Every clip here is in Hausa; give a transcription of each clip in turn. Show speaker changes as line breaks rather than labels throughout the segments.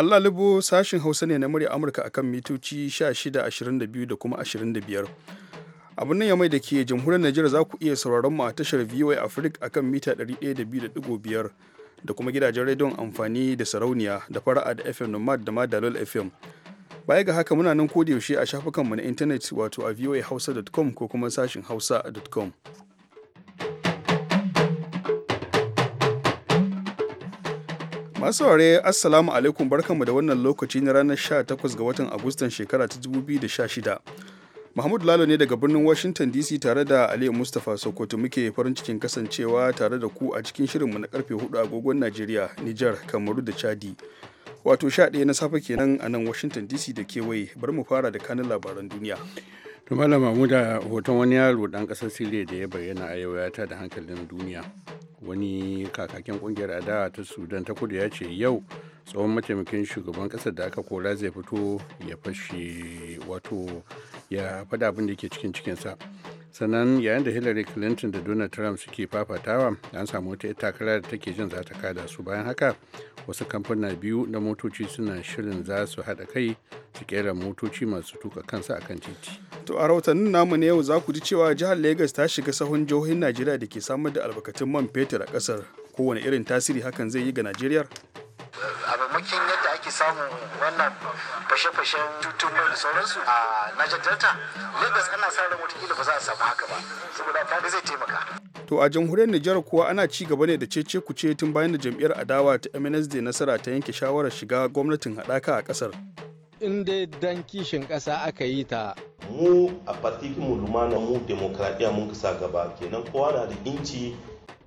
Allah Libo sashin Hausa ne na murya Amurka akan mitoci 1622 da kuma 25. abin nan ya mai da ke jamhuriyar Najeriya za ku iya sauraron mu a tashar VOA Africa akan mita 102.5 da kuma gidajen rediyon amfani da sarauniya da fara'a da FM Nomad da Madalol FM. Baya ga haka muna nan yaushe a shafukanmu na intanet wato a voahausa.com ko kuma sashin hausa.com. Masu ware Assalamu alaikum barkanmu da wannan lokaci na ranar 18 ga watan Agustan shekara ta 2016. Mahmud Lalo ne daga birnin Washington DC tare da Aliyu Mustapha Sokoto muke farin cikin kasancewa tare da ku a cikin shirinmu na karfe 4 agogon Najeriya, Nijar, Kamaru da Chadi. Wato 11 na safe kenan a nan Washington DC da kewaye, bari mu fara da kanin labaran duniya.
tumala mamu da hoton wani yaro dan kasar siriya da ya bayyana a yau ya da hankalin duniya wani kakakin kungiyar adawa ta sudan ta kudu ya ce yau tsohon mataimakin shugaban kasar da aka kora zai fito ya fashe wato ya faɗa abin da ke cikin cikinsa sannan yayin da hillary clinton da donald trump suke fafatawa an samu wata takara da take jin za ta kada su bayan haka wasu kamfuna biyu na motoci suna shirin za su haɗa kai su kera
motoci masu tuka kansa akan titi to a rahotannin namu ne yau za ku ji cewa jihar lagos ta shiga sahun jihohin najeriya da ke samar da albarkatun man fetur a ƙasar kowane irin tasiri hakan zai yi ga najeriya
a maimakon yadda ake samun wannan fashe-fashen tutun sauransu a Niger Delta Lagos ana sa ran watakila ba za a samu haka ba saboda ta zai taimaka.
To a jamhuriyar Nijar kuwa ana ci gaba ne da cece kuce tun bayan da jam'iyyar adawa ta MNSD nasara ta yanke shawarar shiga gwamnatin haɗaka a ƙasar.
In dai dan kishin ƙasa aka yi ta mu a partikin mu lumana mu demokradiyya mun kasa
gaba kenan kowa na da inci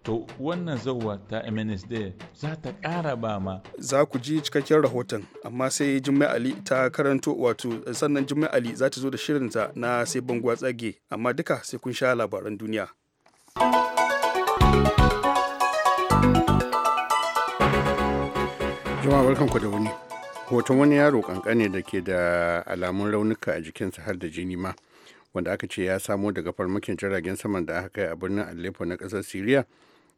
to wannan zauwa ta MNSD za ta ƙara ba ma. Za ku ji cikakken rahoton amma sai Jummai Ali ta karanto wato sannan Jummai Ali za ta zo da shirinta na sai bangwa tsage amma duka sai kun sha labaran duniya.
Jama'a ku da wuni. Hoton wani yaro kankane da ke da alamun raunuka a jikinsa har da jini ma. wanda aka ce ya samo daga farmakin jiragen saman da aka kai a birnin Aleppo na ƙasar Siriya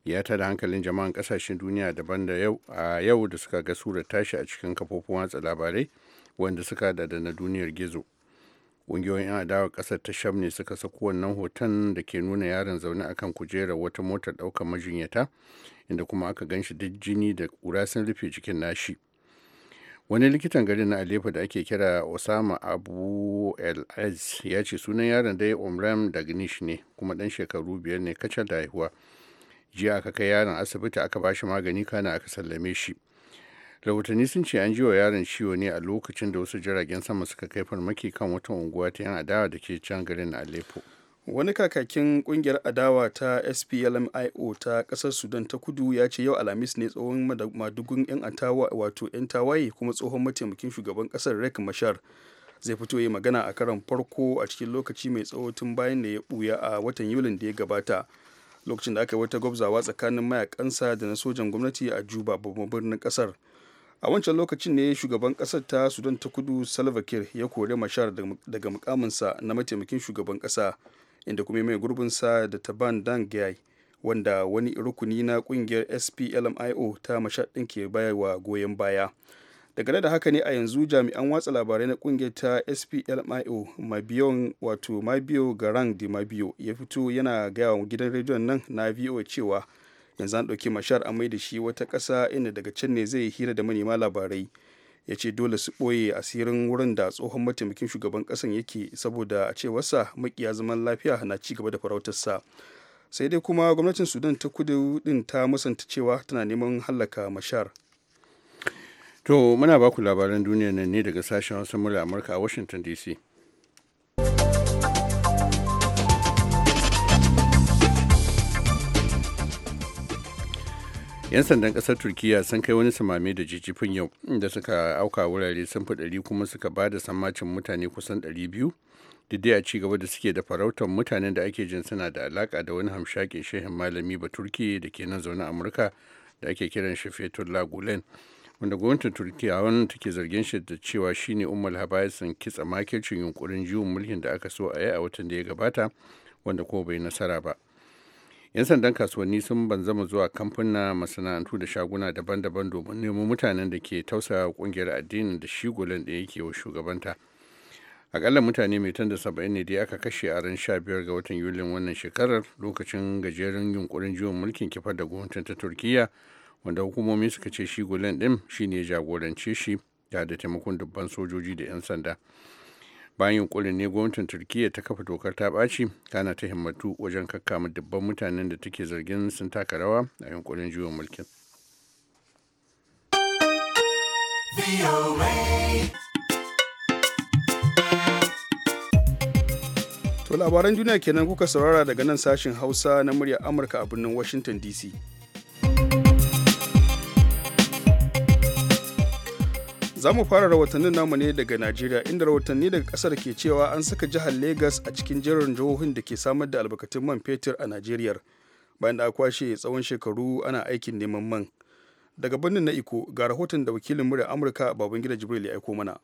ya tada hankalin jama'an kasashen duniya daban da yau a yau da suka ga surar tashi a cikin kafofin watsa labarai wanda suka da na duniyar gizo ƙungiyoyin 'yan adawar ƙasar ta sham ne suka sako wannan hoton da ke nuna yaron zaune akan kujerar wata motar ɗaukar majinyata inda kuma aka ganshi duk jini da kura sun rufe jikin nashi wani likitan garin na alefa da ake kira osama abu el ya ce sunan yaron dai umram dagnish ne kuma ɗan shekaru biyar ne kacal da haihuwa jiya aka kai yaron asibiti aka ba shi magani kana aka sallame shi rahotanni sun ce an ji wa yaron ciwo ne a lokacin da wasu jiragen sama suka kai farmaki kan wata unguwa ta yan adawa da ke can garin aleppo
wani kakakin kungiyar adawa ta splmio ta kasar sudan ta kudu ya ce yau alhamis ne tsohon madugun yan atawa wato yan tawaye kuma tsohon mataimakin shugaban kasar rek mashar zai fito yi magana a karon farko a cikin lokaci mai tsawo tun bayan da ya buya a watan yulin da ya gabata lokacin da aka yi wata gwabzawa tsakanin mayakansa da na sojan gwamnati a juba babban birnin kasar a wancan lokacin ne shugaban kasar ta sudan ta kudu salva ya kori mashar daga mukaminsa na mataimakin shugaban kasa inda kuma mai gurbinsa da taban dan gai wanda wani rukuni na kungiyar splmio ta mashar ɗin ke bayarwa goyon baya na da haka ne a yanzu jami'an watsa labarai na kungiyar ta splmio mabiyon wato mabiyo garang di mabiyo ya fito yana gaya wa gidan rediyon nan na voa cewa yanzu an ɗauki mashar a mai da shi wata kasa inda daga can ne zai hira da manema labarai ya ce dole su ɓoye asirin wurin da tsohon mataimakin shugaban ƙasan yake saboda a cewarsa makiya zaman lafiya na ci gaba da farautarsa sai dai kuma gwamnatin sudan ta kudu din ta musanta cewa tana neman hallaka mashar
To muna baku labaran duniya nan ne daga sashen Hausa murya Amurka a Washington DC. yan sandan kasar turkiya sun kai wani samami da jijifin yau da suka auka wurare sun fi ɗari kuma suka ba da samacin mutane kusan 200 dai a ci gaba da suke da farautar mutanen da ake jin suna da alaka da wani hamshakin shehin malami ba turki da ke nan zaune amurka da ake kiran shi fetullah gulen wanda gwamnatin turkiya wannan take zargin shi da cewa shine umar sun kitsa makircin yunkurin juyin mulkin da aka so a yi a watan da ya gabata wanda ko bai nasara ba 'yan sandan kasuwanni sun banzama zuwa kamfuna masana'antu da shaguna daban-daban domin nemo mutanen da ke tausa kungiyar addinin da shigulan da yake wa shugabanta akalla mutane mai tanda saba'in ne dai aka kashe a ran sha biyar ga watan yulin wannan shekarar lokacin gajeren yunkurin juyin mulkin kifar da gwamnatin ta turkiyya wanda hukumomi suka ce shi gulen din shine jagorance shi da da taimakon dubban sojoji da 'yan sanda bayan yunkurin ne gwamnatin turkiyya ta kafa dokar ta ɓaci kana ta himmatu wajen kakkama dubban mutanen da take zargin sun taka rawa a yunkurin juyin mulkin
To labaran duniya kenan kuka saurara daga nan sashin Hausa na muryar Amurka a birnin Washington DC. za mu fara rahotannin namu ne daga najeriya inda rahotanni daga kasar ke cewa an saka jihar lagos a cikin jerin jihohin da ke samar da albarkatun man fetur a najeriya bayan da a kwashe tsawon shekaru ana aikin neman man daga birnin na iko ga rahoton da wakilin murya amurka babangida jibril ya aiko mana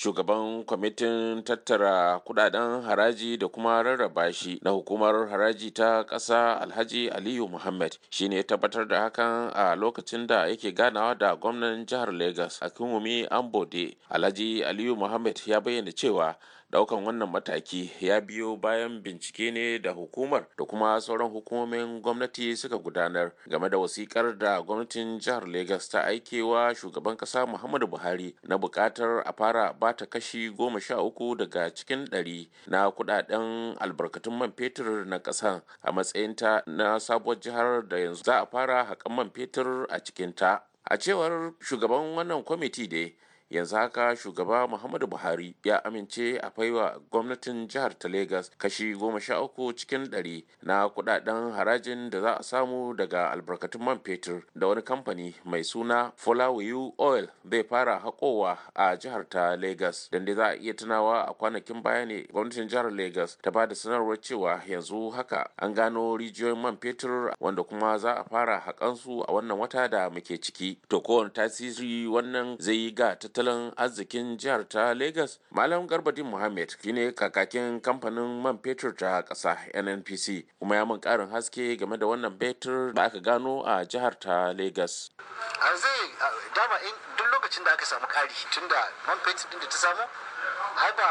shugaban kwamitin tattara kudaden haraji da kuma rarraba shi na hukumar haraji ta ƙasa alhaji aliyu muhammad shine ya tabbatar da hakan a lokacin da yake ganawa da gwamnan jihar lagos a kinwumi ambode alhaji aliyu muhammad ya bayyana cewa Daukan wannan mataki ya biyo bayan bincike ne da hukumar da kuma sauran hukumomin gwamnati suka gudanar game da wasikar da gwamnatin jihar Legas ta aikewa shugaban kasa Muhammadu Buhari na bukatar a fara ba ta kashi goma sha uku daga cikin ɗari na kudaden albarkatun man fetur na ƙasan a matsayinta na sabuwar jihar da yanzu za a fara haƙan man fetur a cikin ta, A cewar shugaban wannan kwamiti dai yanzu haka shugaba muhammadu buhari ya amince a wa gwamnatin jihar ta Legas. kashi goma sha uku cikin ɗari na kudaden harajin da za a samu daga albarkatun man fetur da wani kamfani mai suna fulawiyu oil zai fara haƙowa a jihar ta Legas. don dai za a iya tunawa a kwanakin baya ne gwamnatin jihar Legas. ta ba da sanarwar cewa yanzu haka an gano rijiyoyin man fetur wanda kuma za a fara haƙansu a wannan wata da muke ciki to kowane tasiri wannan zai yi ga tattalin tattalin arzikin jihar ta Lagos, Malam Garbadin Muhammad ne kakakin kamfanin man fetur ta ƙasa NNPC kuma ya mun ƙarin haske game da wannan betur da aka gano a jihar ta Lagos.
Zai dama duk lokacin da aka samu ƙari tunda man fetur din da ta samu har ba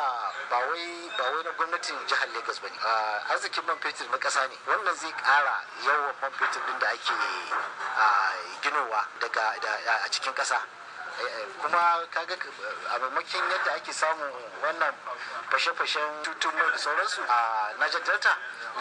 ba wai ba wai na gwamnatin jihar Lagos bane arzikin man fetur na kasa ne wannan zai ƙara yawan man fetur din da ake ginowa daga a cikin kasa
kuma
kaga a maimakon eh, yadda ake samun wannan fashe-fashen tutun mai da sauransu a Niger Delta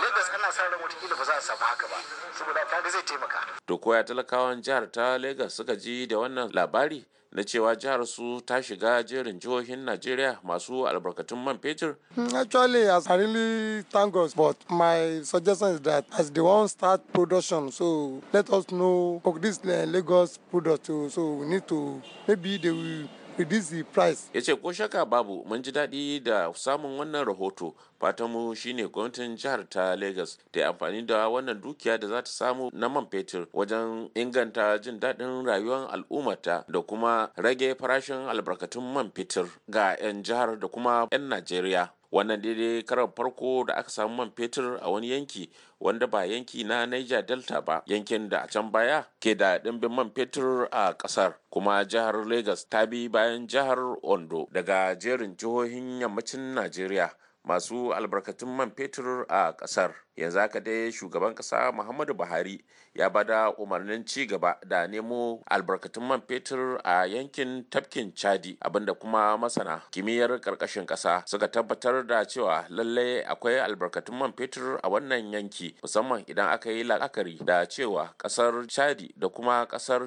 Lagos ana sa ran watakila ba za a samu haka ba saboda kaga zai taimaka.
To koya talakawan jihar ta Lagos suka ji da wannan labari na cewa jihar su ta shiga jerin jihohin Najeriya masu albarkatun man fetur?
Hmm, actually, as I really thank us, but my suggestion is that as the one start production, so let us know of this uh, Lagos product, so we need to maybe they will reduce the price.
Ya ce ko shaka babu mun ji daɗi da samun wannan rahoto fatanmu shine gwamnatin jihar ta Lagos ta yi amfani da wannan dukiya da za ta samu na man fetur wajen inganta jin daɗin rayuwar al'ummata da kuma rage farashin albarkatun man fetur ga 'yan jihar da kuma 'yan Najeriya. wannan daidai karar farko da aka samu man fetur a wani yanki wanda ba yanki na niger delta ba yankin da a can baya ke da ɗimbin man fetur a ƙasar kuma jihar lagos ta bi bayan jihar ondo daga jerin jihohin yammacin najeriya masu albarkatun man fetur a ƙasar yanzu haka dai shugaban kasa muhammadu buhari ya bada umarnin ci gaba da nemo albarkatun man fetur a yankin tafkin chadi abinda kuma masana kimiyyar karkashin kasa suka tabbatar da cewa lallai akwai albarkatun man fetur a wannan yanki musamman idan aka yi la'akari da cewa kasar chadi da kuma kasar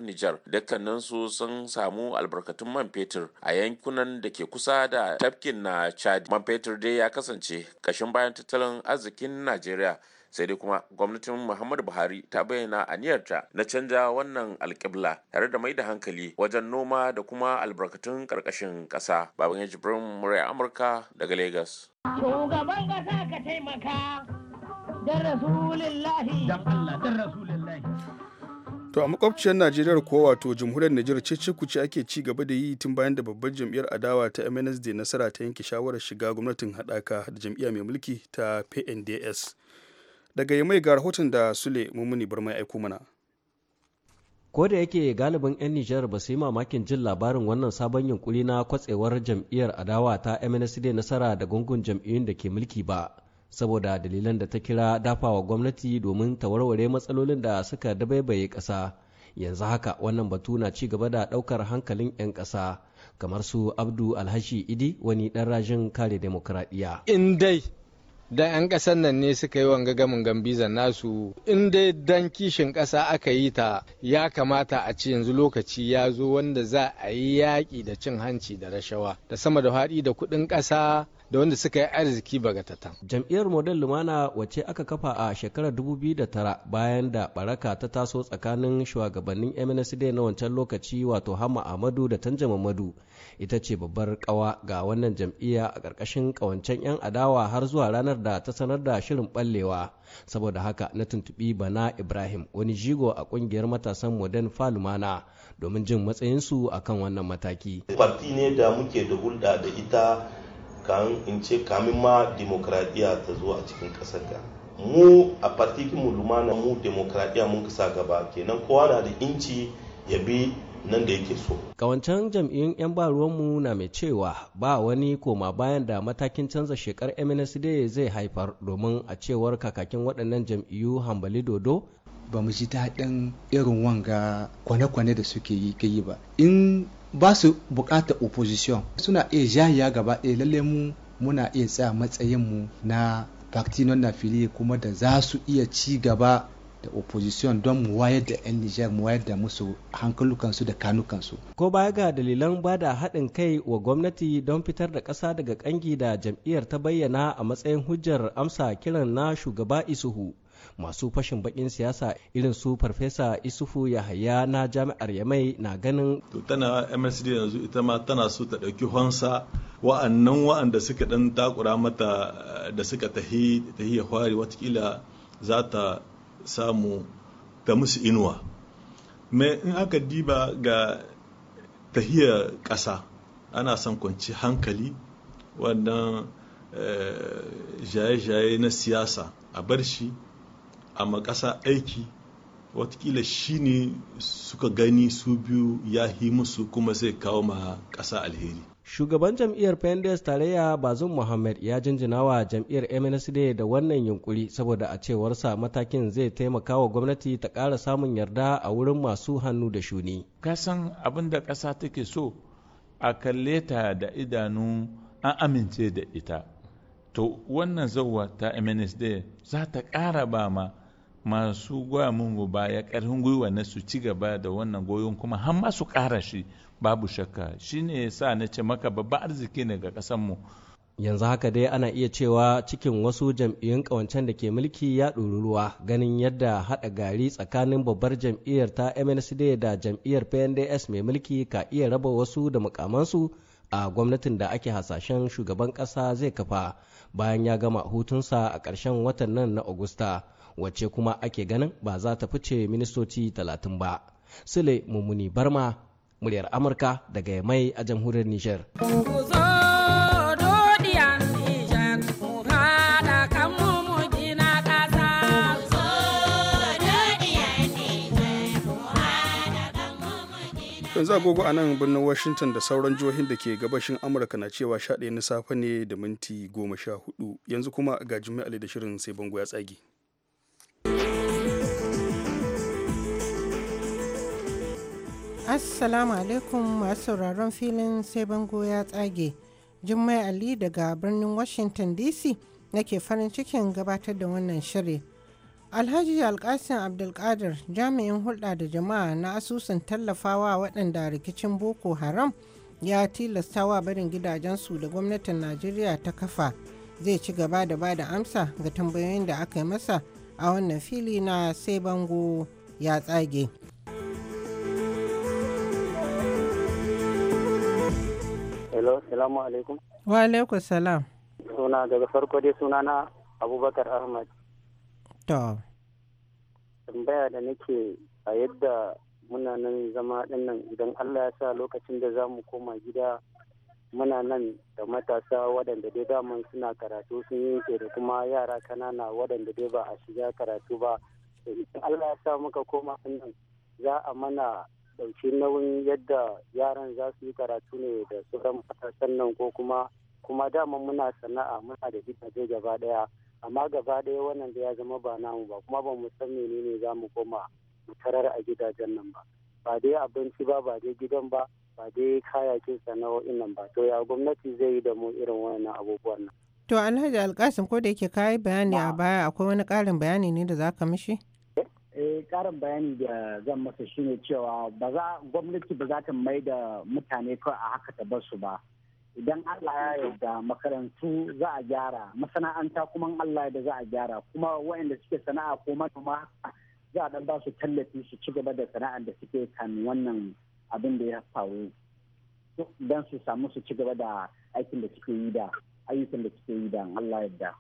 dukkanin su sun samu albarkatun man fetur a yankunan da ke kusa da tafkin na chadi man fetur dai ya kasance kashin bayan tattalin arzikin najeriya sai dai kuma gwamnatin muhammadu buhari ta bayyana a aniyarta na canja wannan alƙibla tare da mai da hankali wajen noma da kuma albarkatun ƙarƙashin kasa baban ya jibrin murya amurka daga lagos
shugaban ƙasa ka taimaka dan
rasulillahi dan allah
To a makwabciyar Najeriya ko wato jamhuriyar Najeriya ce kuce ake ci gaba da yi tun bayan da babbar jam'iyyar adawa ta MNSD nasara ta yanke shawarar shiga gwamnatin haɗaka da jam'iyya mai mulki ta PNDS. daga yamai ga rahoton da sule mummuni burma aiko mana
ko da yake galibin 'yan nijar ba su yi mamakin jin labarin wannan sabon yunkuri na kwatsewar jam'iyyar adawa ta mnsd nasara da gungun jam'iyyun da ke mulki ba saboda dalilan da ta kira dafawa gwamnati domin ta warware matsalolin da suka dabaibaye ƙasa yanzu haka wannan batu na ci gaba da ɗaukar hankalin 'yan ƙasa kamar su abdu alhashi idi wani ɗan rajin kare demokradiyya in dai da 'yan ƙasar nan ne suka yi wanga gamin gambizan nasu in dai dan kishin ƙasa aka yi ta ya kamata a ce yanzu lokaci ya zo wanda za a yi yaƙi da cin hanci da rashawa da sama da haɗi da kuɗin ƙasa da wanda suka yi arziki bagatatan. Jam'iyyar Model Lumana wacce aka kafa a shekarar 2009 bayan da baraka ta taso tsakanin shugabannin MNSD na wancan lokaci wato hama Ahmadu da tanja mamadu ita ce babbar kawa ga wannan jam'iyya a ƙarƙashin ƙawancen 'yan adawa har zuwa ranar da ta sanar da shirin ɓallewa. Saboda haka na tuntuɓi Bana Ibrahim wani jigo a ƙungiyar matasan Modern Falumana domin jin matsayinsu akan wannan mataki.
Parti ne da muke da hulɗa da ita kan in ce kamin ma demokradiyya ta zo a cikin ƙasar ga mu a partikin mu lumana mu demokradiyya mun kasa gaba kenan kowa na da inci ya bi nan da yake so.
Kawancan jam'iyyun 'yan ba mu na mai cewa ba wani koma bayan da matakin canza shekar MNSD zai haifar domin a cewar kakakin waɗannan jam'iyyu hambali dodo ba mu ji daɗin irin wanga kwane-kwane da suke yi ba in ba su bukatar opposition suna iya jahiya gaba ɗaya lalle mu muna iya tsaya matsayin mu na parti non fili kuma da za su iya ci gaba da opposition don mu wayar da 'yan Nijar mu wayar da musu hankalukansu da kanukansu. Ko baya ga dalilan ba da haɗin kai wa gwamnati don fitar da ƙasa daga ƙangi da jam'iyyar ta bayyana a matsayin hujjar amsa kiran na shugaba Isuhu. masu fashin bakin siyasa irin su farfesa isufu yahaya na jami'ar yamai na ganin
to tana msd yanzu ita ma tana so ta ɗauki honsa wa'annan wa'anda suka ɗan takura mata eh, da suka tahi tahiyar hwari watakila za ta samu ta musu inuwa mai in aka diba ga tahiya ƙasa ana son kwanci hankali wannan jaye-jaye eh, na siyasa a bar shi a makasa aiki watakila shi ne suka gani
su biyu ya yi musu kuma zai kawo ma ƙasa alheri
shugaban jam'iyyar pendes tarayya bazum muhammad ya jinjina wa jam'iyyar mnsd da wannan yunkuri saboda a cewarsa matakin zai taimaka wa gwamnati ta ƙara samun yarda a wurin masu hannu da shuni kasan abin da ƙasa take so a kalle ta da idanu
an amince da ita to wannan zauwa ta mnsd za ta ƙara ba ma masu goya mu baya karfin gwiwa na su ci gaba da wannan goyon kuma har ma su ƙara shi babu shakka shine sa na ce maka babban arziki ne ga ƙasar
yanzu haka dai ana iya cewa cikin wasu jam'iyyun kawancen da ke mulki ya ɗori ruwa ganin yadda haɗa gari tsakanin babbar jam'iyyar ta MNCD da jam'iyyar PNDS mai mulki ka iya raba wasu da mukamansu a gwamnatin da ake hasashen shugaban ƙasa zai kafa bayan ya gama hutunsa a ƙarshen watan nan na Agusta. wacce kuma ake ganin ba za ta fice ministoci talatin ba sule mummuni barma muryar amurka daga mai a jamhuriyar nijar
yanzu agogo a nan birnin washington da sauran jihohin da ke gabashin amurka na cewa sha na safe ne da minti goma sha hudu yanzu kuma ga jimmy da shirin sai bango ya tsage
Assalamu alaikum masu sauraron filin sai bango ya tsage. Jummai Ali daga birnin Washington DC nake farin cikin gabatar da wannan shirin Alhaji Alkasin Abdulkadir jami'in hulɗa da jama'a na asusun tallafawa waɗanda rikicin Boko Haram ya tilastawa barin gidajensu da gwamnatin Najeriya ta kafa zai ci gaba da ba da amsa ga tambayoyin da aka yi masa a wannan fili na sai bango ya tsage.
hello salamu alaikum
wa alaikum salam
suna daga farko dai suna na abubakar ahmad to tambaya da nake a yadda muna nan zama dinnan idan allah ya sa lokacin da za mu koma gida
muna nan
da matasa waɗanda dai daman suna karatu sun yi da kuma yara kanana waɗanda dai ba a shiga karatu ba allah ya sa muka koma nan za a mana ɗauki nauyin yadda yaran za su yi karatu ne da sauran matasan nan ko kuma kuma dama muna sana'a muna da gidaje gaba daya amma gaba ɗaya wannan da ya zama ba namu ba kuma ba mu san menene za mu koma mu tarar a gidajen nan ba ba dai abinci ba ba dai gidan ba ba dai kayakin sana'o'in nan ba to ya gwamnati zai yi da mu
irin wannan abubuwan nan.
to alhaji alkasim ko da yake kayi bayani a baya akwai wani ƙarin bayani ne da za ka mishi.
eh karin bayani da zan masa shine cewa ba za gwamnati ba za ta mai da mutane kawai a haka ta basu ba idan Allah ya yarda makarantu za a gyara masana'anta kuma Allah da za a gyara kuma waɗanda suke sana'a ko manoma za a dan ba su tallafi su ci gaba da sana'ar da suke kan wannan abin da ya faru don su samu su ci gaba da aikin da suke yi da ayyukan da suke yi da Allah yarda.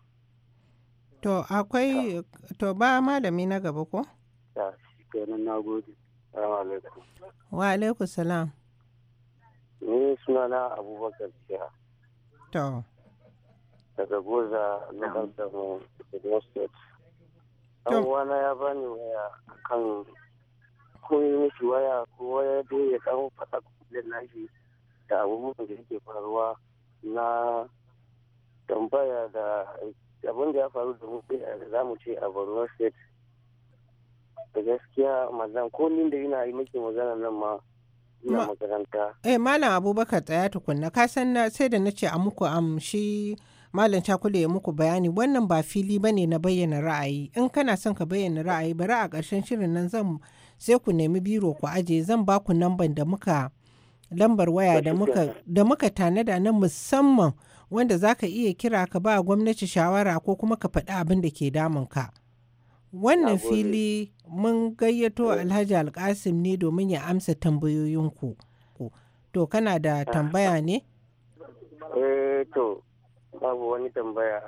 To akwai to ba malami na gaba ko?
na gode
wa alaikum salam
ni suna na abubakar siya to daga goza na kansamu da state dan ya ba ni waya kan ko yi mishi waya ko waya dai ya ɗan faɗa kullum nashi da abubuwan da yake faruwa na tambaya da abin da ya faru da mu da eh, za mu ce a borno state da gaskiya mazan ko ni da ina yi miki magana nan ma ina makaranta
eh malam abubakar tsaya tukunna ka san na sai da nace a muku amshi malam cakule ya muku bayani wannan ba fili bane na bayyana ra'ayi in kana son ka bayyana ra'ayi bari a karshen shirin nan zan sai ku nemi biro ku aje zan ba ku lambar da muka lambar waya da muka da muka tanada na musamman wanda za ka iya kira ka ba gwamnati shawara ko kuma ka faɗi abin da ke damunka. ka Wannan fili mun gayyato eh. Alhaji Alkasim ne domin ya amsa tambayoyinku. To, kana da ah. tambaya ne? Eh,
to, babu wani tambaya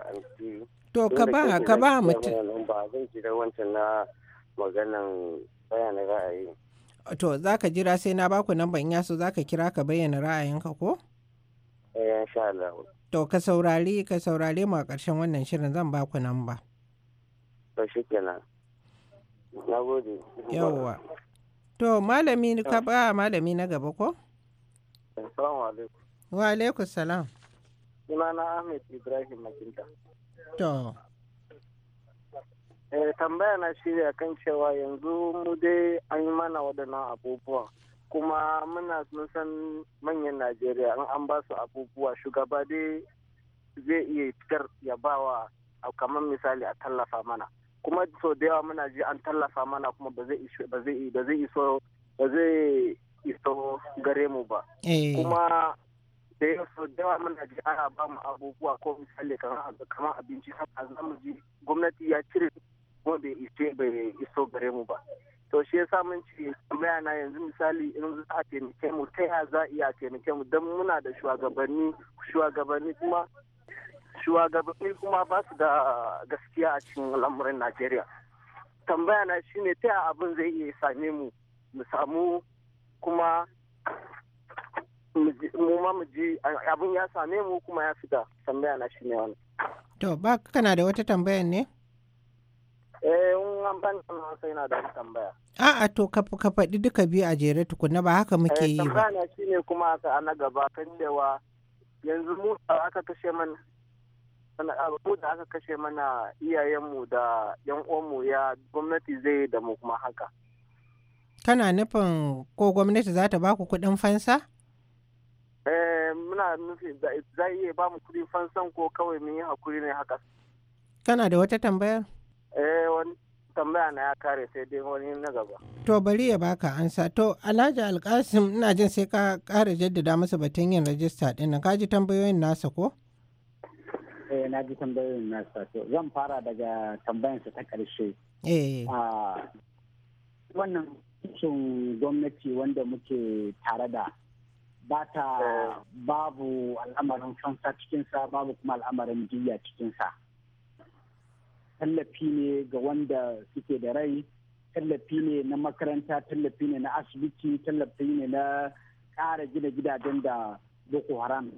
To, ka ba ka ba mutum.
Ba zan jira wancan na maganan bayana ra'ayi.
To, za ka jira sai na baku nan ban yaso za ka kira ka bayyana ra'ayinka ko?
Eh, insha Allah.
To, ka saurari, ka saurare mu a ƙarshen wannan shirin zan baku nan ba.
to shi kenan na gode yawwa
to malami ka ba malami na gaba ko
assalamu alaikum
wa alaikum salam
sunana ahmed ibrahim makinta to eh tambaya na shi kan cewa yanzu mu dai an yi mana waɗannan abubuwa kuma muna mun san manyan najeriya an an ba su abubuwa shugaba dai zai iya fitar ya bawa kamar misali a tallafa mana kuma so da yawa muna ji an tallafa mana kuma ba zai iso ba zai iso gare mu ba eh. kuma da yawa so da yawa muna ji ana ba mu abubuwa ko misali kamar abinci haka za mu ji gwamnati ya cire kuma bai iso bai iso gare mu ba to shi yasa mun ce tambaya na yanzu misali in za a taimake mu ta ya za a iya taimake mu don muna da shugabanni shugabanni kuma shugabanni kuma ba su da gaskiya a cikin lamurin najeriya tambaya na ne ta abin zai iya same mu mu samu kuma mu ma mu ji abin ya same mu kuma ya fita tambaya na shi ne wani
to ba kana da wata tambaya ne
eh in an ban sai na da wata tambaya
a'a to ka ka faɗi duka biyu a jere tukuna ba haka muke eh, yi ba tambaya na
shi ne kuma ka ana gaba kan cewa yanzu mu aka kashe mana sana'ar mu da aka kashe mana iyayenmu da yan uwanmu ya gwamnati zai da mu kuma haka
kana nufin ko gwamnati za ta baku kuɗin fansa
eh muna nufi za iya ba mu kuɗin fansan ko kawai mun yi hakuri ne haka
kana da wata tambayar
eh wani tambaya na ya kare sai dai wani na gaba.
To bari ya baka ansa. To Alhaji Alkasim ina jin sai ka kara jaddada masa batun yin rajista ɗin nan. Ka ji tambayoyin nasa ko?
ɗaya eh, na ji tambayoyin nasa to zan fara daga tambayansa ta ƙarshe eh. ah, wannan sun gwamnati wanda muke tare da ba ta babu al'amarin fansa cikinsa babu kuma al'amarin jiya cikinsa tallafi ne ga wanda suke da rai tallafi ne na makaranta tallafi ne na asibiti tallafi ne na ƙara gina gidajen da boko haram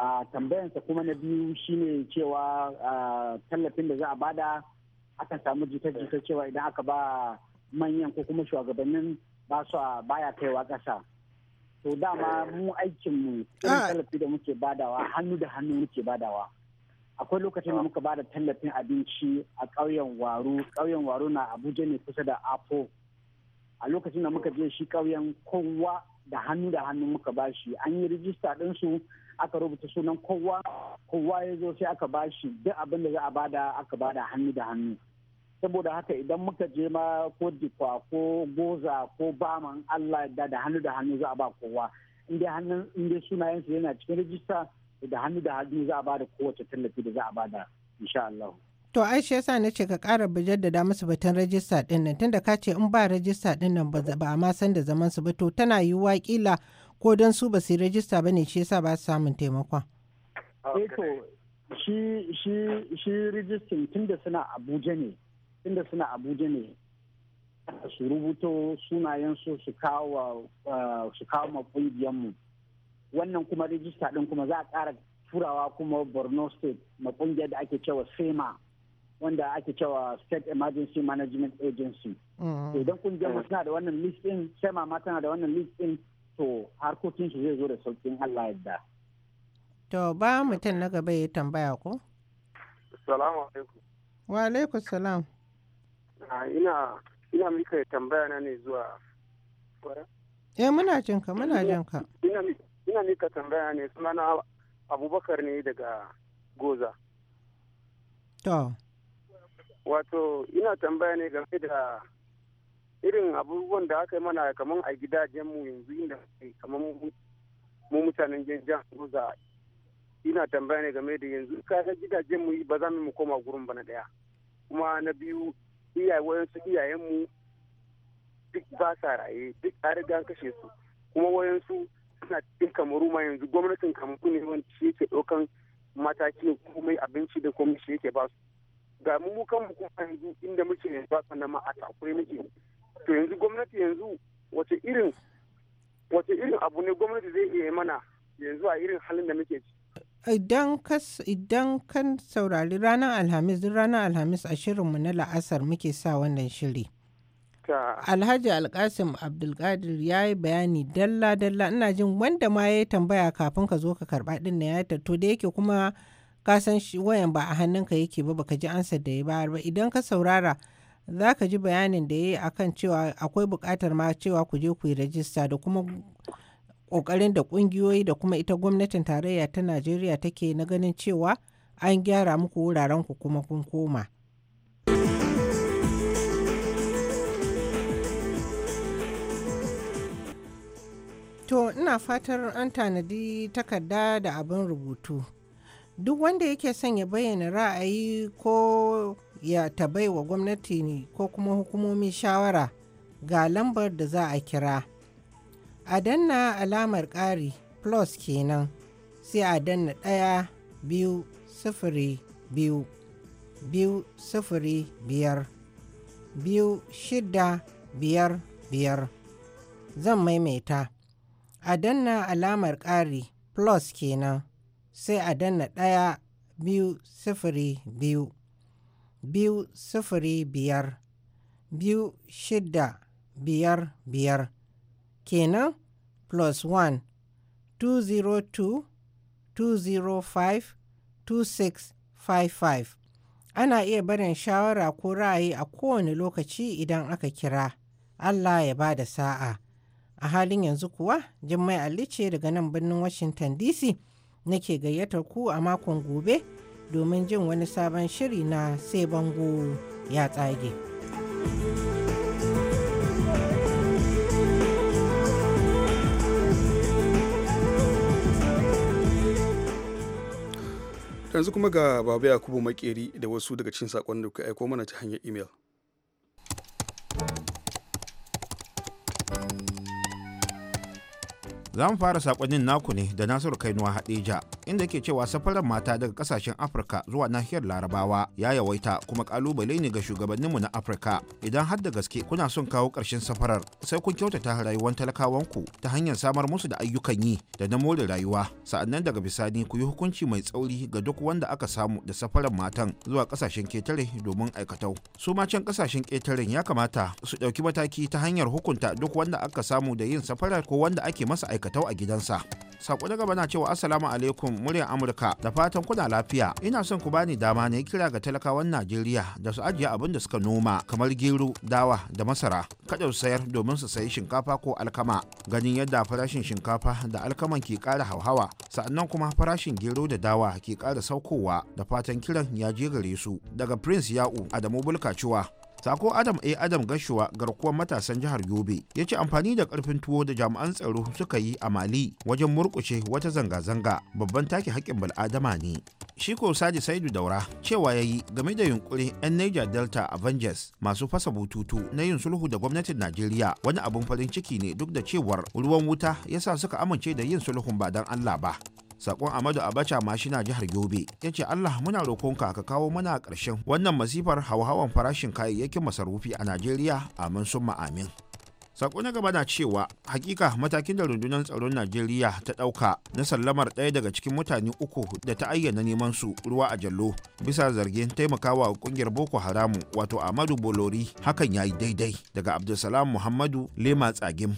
a tambayansa kuma na biyu shine cewa tallafin da za a bada aka samu jita-jita cewa idan aka ba manyan ko kuma shugabannin ba su a baya kaiwa ƙasa to dama mu aikinmu ah. tallafi da muke badawa hannu da hannu muke badawa akwai lokacin da ah. muka bada tallafin abinci a ƙauyen waro ƙauyen waro na abuja ne kusa da apo a lokacin da muka je shi ƙauyen kowa da hannu da hannu muka bashi an yi rijista ɗinsu aka rubuta sunan kowa kowa ya zo sai aka bashi duk abin da za a bada aka bada hannu da hannu saboda haka idan muka je ma ko dikwa ko goza ko baman allah da da hannu da hannu za a ba kowa in dai sunayensu yana cikin rijista da hannu da hannu za a bada kowace tallafi da za a bada insha Allah.
To ai shi yasa na ce ka ƙara jaddada musu batun rajista ɗin nan tunda ka ce in ba rajista ɗin nan ba a ma san da zaman su ba to tana yiwuwa kila ko don su ba su yi rajista ba ne shi yasa ba su samun taimakon.
Ah, Eto eh, shi shi shi rajistin tunda suna Abuja ne tunda suna Abuja ne su rubuto sunayen su su kawo ah, su kawo ma kungiyar mu wannan kuma rajista din kuma za a ƙara turawa kuma Borno State ma kungiyar da ake cewa SEMA wanda ake cewa state emergency management agency
mm-hmm. idan kungiyar mu tana
da wannan list din sai mama tana da wannan list din to harkokin su zai zo da saukin Allah yadda
to ba mutum na gaba ya tambaya ko
salamu alaikum
wa alaikum salam
ah, ina ina mika tambaya na ne zuwa
eh muna jin ka muna jin ka
ina ina mika tambaya ne sunana abubakar ne daga goza to Wato ina tambaya ne game da irin abubuwan da aka yi mana kamar a gidajenmu yanzu inda kamar mu mutanen jan ruza ina tambaya ne game da yanzu kaga gidajenmu ba za mu koma gurin ba na ɗaya. Kuma na biyu iyayensu iyayenmu duk ba sa raye duk an riga kashe su kuma wayansu suna cikin kamaru ma yanzu gwamnatin kamaru ne wanda shi yake ɗaukan matakin komai abinci da komai shi yake ba su ga mu kan kuma yanzu inda muke ba sannan ma a takure muke to yanzu gwamnati yanzu wace irin wace irin abu ne gwamnati zai iya mana yanzu a irin halin da muke ci
idan kas idan kan saurari ranar alhamis duk ranar alhamis a shirinmu na la'asar muke sa wannan shiri alhaji alkasim abdulkadir ya yi bayani dalla dalla ina jin wanda ma ya yi tambaya kafin ka zo ka karba din na ya tatto da yake kuma ka san shi wayan ba a hannunka yake ba baka ji ansa da ya bayar ba idan ka saurara za ka ji bayanin da ya yi akan cewa akwai buƙatar ma cewa ku je ku yi rajista da kuma ƙoƙarin da ƙungiyoyi da kuma ita gwamnatin tarayya ta najeriya take na ganin cewa an gyara muku wuraren ku kuma kun koma. To ina fatar an tanadi takarda da abin rubutu duk wanda yake son ya bayyana ra'ayi ko ya tabai wa gwamnati ne ko kuma hukumomi shawara ga lambar da za a kira a danna alamar ƙari plus kenan sai a danna ɗaya biyu sufuri biyu biyu sufuri biyar biyu shida biyar biyar zan maimaita a danna alamar ƙari plus kenan sai a danna ɗaya biyu sifiri biyu biyu sifiri biyar biyu shidda biyar biyar kenan plus one two zero two two zero five two six five five ana iya barin shawara ko ra'ayi a kowane lokaci idan aka kira Allah ya ba da sa'a a halin yanzu kuwa Jummai Ali ce daga nan birnin Washington DC nake gayyatar ku a makon gobe domin jin wani sabon shiri na sai bango ya tsage.
yanzu kuma ga babu yakubu makeri da wasu daga cikin sakon da kuka aiko mana ta hanyar imel.
za mu fara sakonnin naku ne da nasiru kainuwa haɗeja. inda ke cewa safarar mata daga kasashen afirka zuwa nahiyar larabawa ya yawaita kuma kalubale ne ga shugabanninmu na afirka idan har da gaske kuna son kawo ƙarshen safarar sai kun kyautata rayuwar talakawanku ta hanyar samar musu da ayyukan yi da na more rayuwa sa'annan daga bisani ku yi hukunci mai tsauri ga duk wanda aka samu da safarar matan zuwa kasashen ketare domin aikatau su ma can kasashen ketaren ya kamata su ɗauki mataki ta hanyar hukunta duk wanda aka samu da yin safarar ko wanda ake masa aikata aikatau a gidansa sako na gaba na cewa assalamu alaikum muryar amurka da fatan kuna lafiya ina son ku bani dama na kira ga talakawan najeriya da su ajiye abin da suka noma kamar gero dawa da masara kada su sayar domin su sayi shinkafa ko alkama ganin yadda farashin shinkafa da alkaman ke kara hauhawa sannan kuma farashin gero da dawa ke kara saukowa da fatan kiran ya je gare su daga prince ya'u adamu bulkacuwa sako adam a adam gashuwa garkuwar matasan jihar yobe ya ce amfani da karfin tuwo da jami'an tsaro suka yi a mali wajen murkushe wata zanga-zanga babban take haƙƙin bal'adama ne shi ko saji saidu daura cewa ya yi game da yunkurin 'yan niger delta avengers masu fasa bututu na yin sulhu da gwamnatin najeriya wani abin farin ciki ne duk da cewar ruwan wuta ya sa suka amince da yin sulhun ba don allah ba sakon amadu abacha mashina jihar gobe ya ce allah muna rokonka ka kawo mana ƙarshen wannan masifar hauhawan farashin kayayyakin masarufi a najeriya amin summa amin sako na gaba na cewa hakika matakin da rundunar tsaron najeriya ta dauka na sallamar ɗaya daga cikin mutane uku da ta ayyana neman su ruwa a jallo bisa zargin taimakawa kungiyar boko haramu wato amadu bolori hakan ya yi daidai daga abdulsalam muhammadu lema tsagim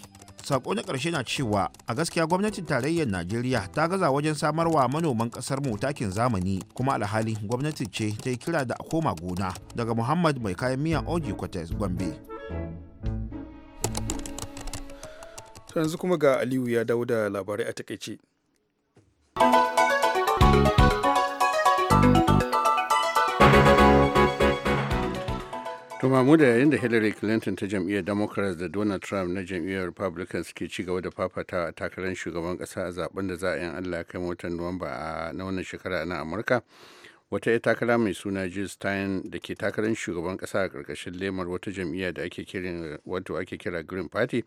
sako na ƙarshe na cewa a gaskiya gwamnatin tarayyar najeriya ta gaza wajen samarwa manoman ƙasar mu takin zamani kuma alhali gwamnati ce ta yi kira da koma gona daga muhammad mai kayan miya oji kwates gombe
yanzu kuma ga aliyu ya dawo da labarai a takaice
To mamu da yayin da Hillary Clinton ta jam'iyyar Democrats da Donald Trump na jam'iyyar Republicans ke ci gaba da fafata a takarar shugaban kasa a zaben da za a yin Allah kai watan Nuwamba a na wannan shekara na Amurka. Wata 'yar takara mai suna Jill Stein da ke takarar shugaban kasa a karkashin lemar wata jam'iyya da ake kira wato ake kira Green Party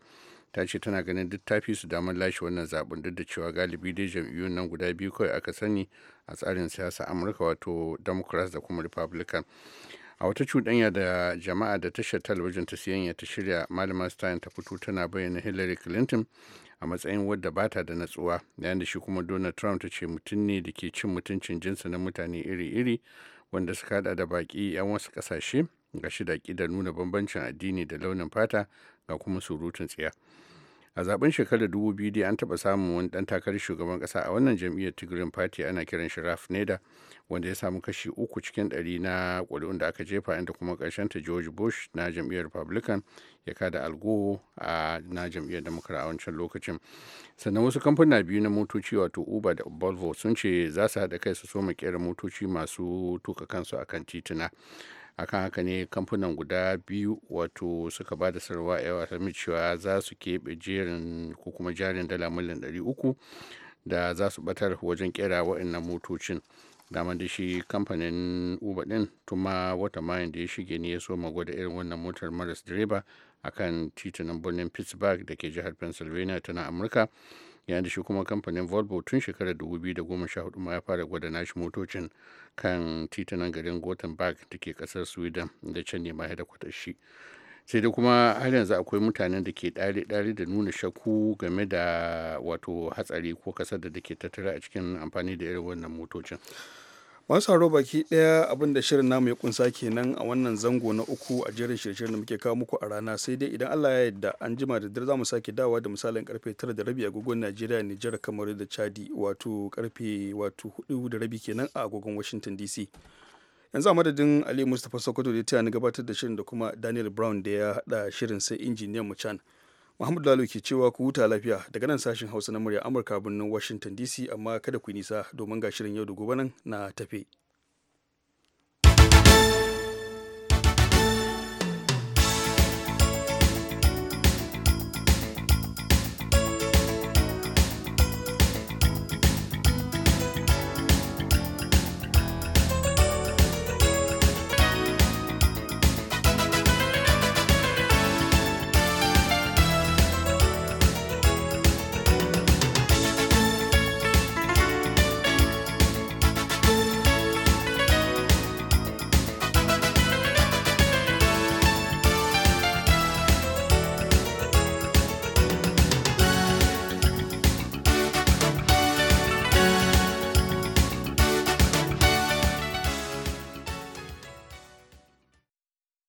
ta ce tana ganin duk tafi su damar lashe wannan zaben duk da cewa galibi dai jam'iyyun nan guda biyu kawai aka sani a tsarin siyasa Amurka wato Democrats da kuma Republican. a wata cuɗanya da jama'a da tashar talabijin ta siyanya ta shirya malamar stein ta fito tana bayyana hillary clinton a matsayin wadda ba ta da natsuwa yayin da shi kuma donald trump ta ce mutum ne da ke cin mutuncin jinsi na mutane iri-iri wanda suka hada da baki 'yan wasu kasashe ga shi da nuna bambancin addini da launin fata ga kuma surutun tsiya a zaben shekarar 2000 an taɓa samun wani ɗan takarar shugaban ƙasa a wannan jam'iyyar tigrin party ana kiran shi raf neda wanda ya samu kashi uku cikin ɗari na ƙuri'un da aka jefa inda kuma ta george bush na jam'iyyar republican ya da algo a na jam'iyyar democrat a wancan lokacin sannan wasu kamfuna biyu na motoci wato uber da volvo sun ce za su haɗa kai su soma ƙera motoci masu tuka kansu akan tituna akan haka ne kamfanin guda biyu wato suka ba da sarwa yawa ta cewa za su keɓe jerin ko kuma jarin dala miliyan uku da za su batar wajen kera waɗannan motocin dama da shi kamfanin uber din tuma wata mayan da ya shige ne ya so gwada irin wannan motar maras direba akan titunan birnin pittsburgh da ke jihar pennsylvania tana amurka yayin da shi kuma kamfanin volvo tun shekarar 2014 ma ya fara gwada nashi motocin kan titunan garin gothenburg da ke kasar sweden da can ne ma ya da shi sai dai kuma har yanzu akwai mutanen da ke ɗare ɗari da nuna shakku game da wato hatsari ko kasar da ke tattara a cikin amfani da irin wannan motocin
masu haro baki daya abinda shirin namu ya kunsa kenan a wannan zango na uku a jerin shirye da muke kawo muku a rana sai dai idan allah ya yarda an jima da dare za mu sake dawa da misalin karfe 9 da rabi agogon najeriya nijar kamar da chadi wato karfe wato 4 da rabi kenan a agogon washington dc yanzu a madadin ali mustapha sokoto da ya gabatar da shirin da kuma daniel brown da ya hada shirin sai injiniyan mu chan Muhammadu Lalo ke cewa ku huta lafiya daga nan sashin Hausa na murya Amurka birnin Washington DC amma kada ku yi nisa domin ga shirin yau da gobe nan na tafe.